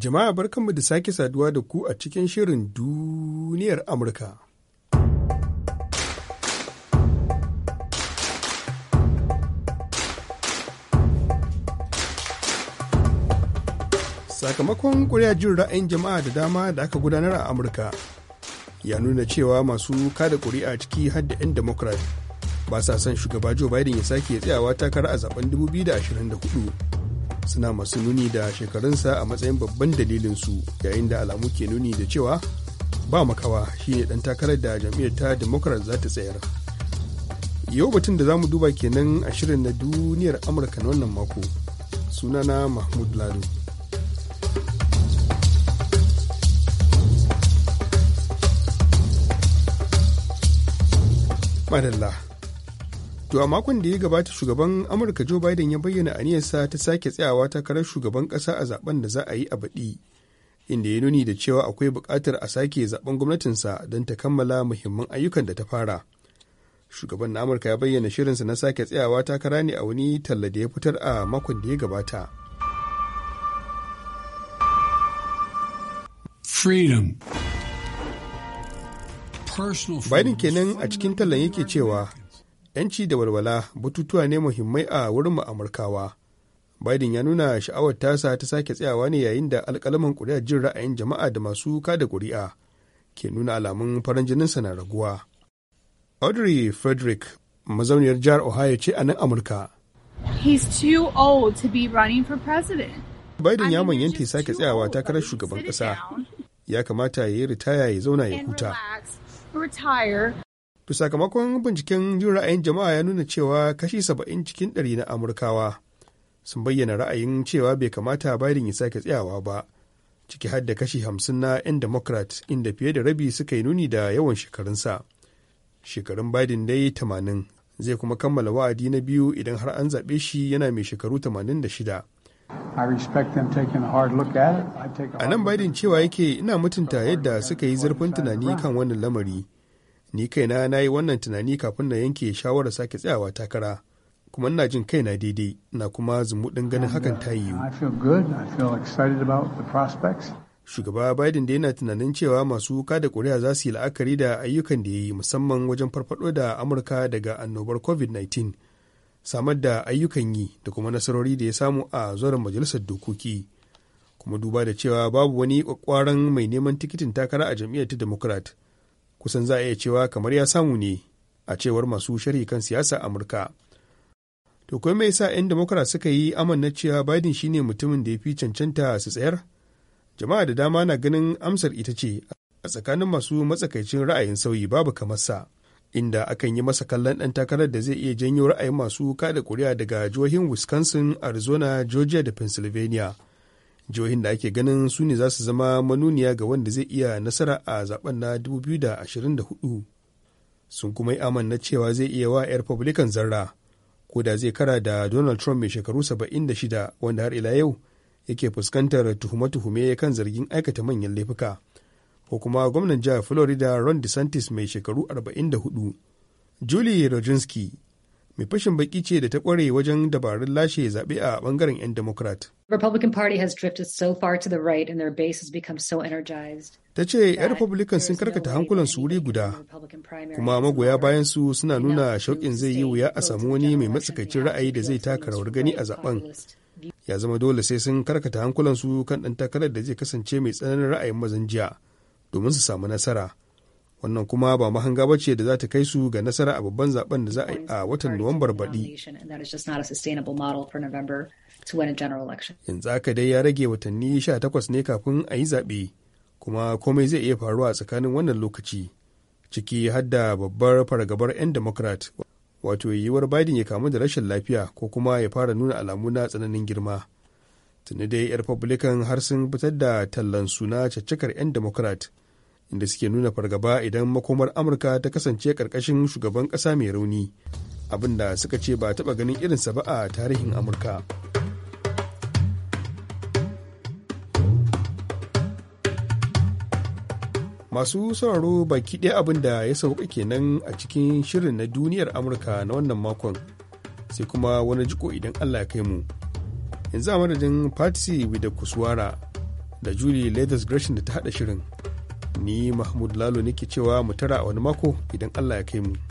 Jama'a barkanmu da sake saduwa da ku a cikin shirin duniyar Amurka. Sakamakon ƙuri'a jin ra'ayin jama'a da dama da aka gudanar a Amurka ya nuna cewa masu kada ƙuri'a ciki har 'yan Democrat ba sa son shugaba Joe Biden ya sake tsayawa takara a zaben 2024. suna masu nuni da shekarunsa a matsayin babban dalilinsu yayin da alamu ke nuni da cewa ba makawa shine dan takarar da jam'iyyar ta democrat za ta tsayar yau batun da zamu duba kenan a shirin na duniyar amurka na wannan mako sunana mahmud lado madalla To a makon da ya gabata shugaban Amurka Joe Biden ya bayyana aniyarsa ta sake tsayawa takarar shugaban ƙasa a zaben da za a yi a baɗi, inda ya nuni da cewa akwai buƙatar a sake zaben gwamnatinsa don ta kammala muhimman ayyukan da ta fara. Shugaban na Amurka ya bayyana shirinsa na sake tsayawa takara ne a wani talla da ya fitar a makon da ya gabata. Freedom. Biden kenan a cikin tallan yake cewa 'yanci da walwala batutuwa ne muhimmai a wurin mu amurkawa biden ya nuna sha'awar tasa ta sake tsayawa ne yayin da alkalaman ƙuri'ar jin ra'ayin jama'a da masu kada ƙuri'a ke nuna alamun farin sa na raguwa audrey frederick mazauniyar jihar ohio ce a nan amurka He's too old to be president. Biden ya manyanta ya sake tsayawa takarar shugaban ƙasa. Ya kamata ya yi ritaya ya zauna ya huta. To sakamakon binciken jin ra'ayin jama'a ya nuna cewa kashi saba'in cikin ɗari na Amurkawa sun bayyana ra'ayin cewa bai kamata Biden ya sake tsayawa ba, ciki har kashi hamsin na 'yan Democrat inda fiye da rabi suka yi nuni da yawan shekarunsa. Shekarun Biden dai tamanin zai kuma kammala wa'adi na biyu idan har an zaɓe shi yana mai shekaru tamanin da shida. A nan Biden cewa yake ina mutunta yadda suka yi zurfin tunani kan wannan lamari. ni kaina na yi wannan tunani kafin na yanke shawarar sake tsayawa takara kuma ina jin kaina daidai na kuma zumuɗin ganin hakan ta yi uh, shugaba biden da yana tunanin cewa masu da kuri'a za su yi la'akari da ayyukan da ya yi musamman wajen farfado da amurka daga annobar covid-19 samar da ayyukan yi da kuma nasarori da ya samu a zoron majalisar dokoki kuma duba da cewa babu wani kwakwaran mai neman tikitin takara a jam'iyyar ta democrat kusan za a iya cewa kamar ya samu ne a cewar masu sharhi kan siyasa amurka to kuma mai sa 'yan democrat suka yi amanna cewa biden shine mutumin da ya fi cancanta su tsayar jama'a da dama na ganin amsar ita ce a tsakanin masu matsakaicin ra'ayin sauyi babu kamar sa inda akan yi masa kallon ɗan takarar da zai iya janyo ra'ayin masu kada kuri'a daga jihohin wisconsin arizona georgia da pennsylvania jihohin da ake ganin su ne za su zama manuniya ga wanda zai iya nasara a zaben na 2024 sun kuma yi amanna cewa zai iya wa 'yan republican zarra ko da zai kara da donald trump mai shekaru 76 wanda har ila yau yake fuskantar tuhume-tuhume kan zargin aikata manyan laifuka ko kuma gwamnan jihar florida ron desantis mai shekaru 44 julie rodzinski mai fashin baki ce da ta kware wajen dabarun lashe zaɓe a ɓangaren 'yan Democrat. Republican Party has drifted so far to the right and their base has become so Ta ce 'yan Republican sun karkata hankulan su wuri guda, kuma magoya bayan su suna nuna shauƙin zai yi wuya a samu wani mai matsakaicin ra'ayi da zai taka rawar gani a zaben. Ya zama dole sai sun karkata hankulan su kan ɗan takarar da zai kasance mai tsananin ra'ayin mazan jiya domin su samu nasara. wannan kuma ba mahanga ba ce da za ta kai su ga nasara a babban zaben da za a yi a watan nuwambar baɗi. yanzu aka dai ya rage watanni 18 ne kafin a yi zaɓe kuma komai zai iya faruwa a tsakanin wannan lokaci ciki hadda babbar fargabar 'yan democrat wato yiwuwar biden ya kamu da rashin lafiya ko kuma ya fara nuna alamu na tsananin girma tuni dai 'yan republican har sun fitar da tallan suna caccakar 'yan democrat inda suke nuna fargaba idan makomar amurka ta kasance karkashin shugaban kasa mai rauni abinda suka ce ba taba ganin irinsa ba a tarihin amurka masu sauraro baki ɗaya abin da ya sauka kenan a cikin shirin na duniyar amurka na wannan makon sai kuma wani jiko idan allah ya kai mu yanzu a madadin patsy da kuswara da julie latest gresham da ta haɗa shirin ni mahmud lalo nake cewa mu tara a wani mako idan allah ya kai mu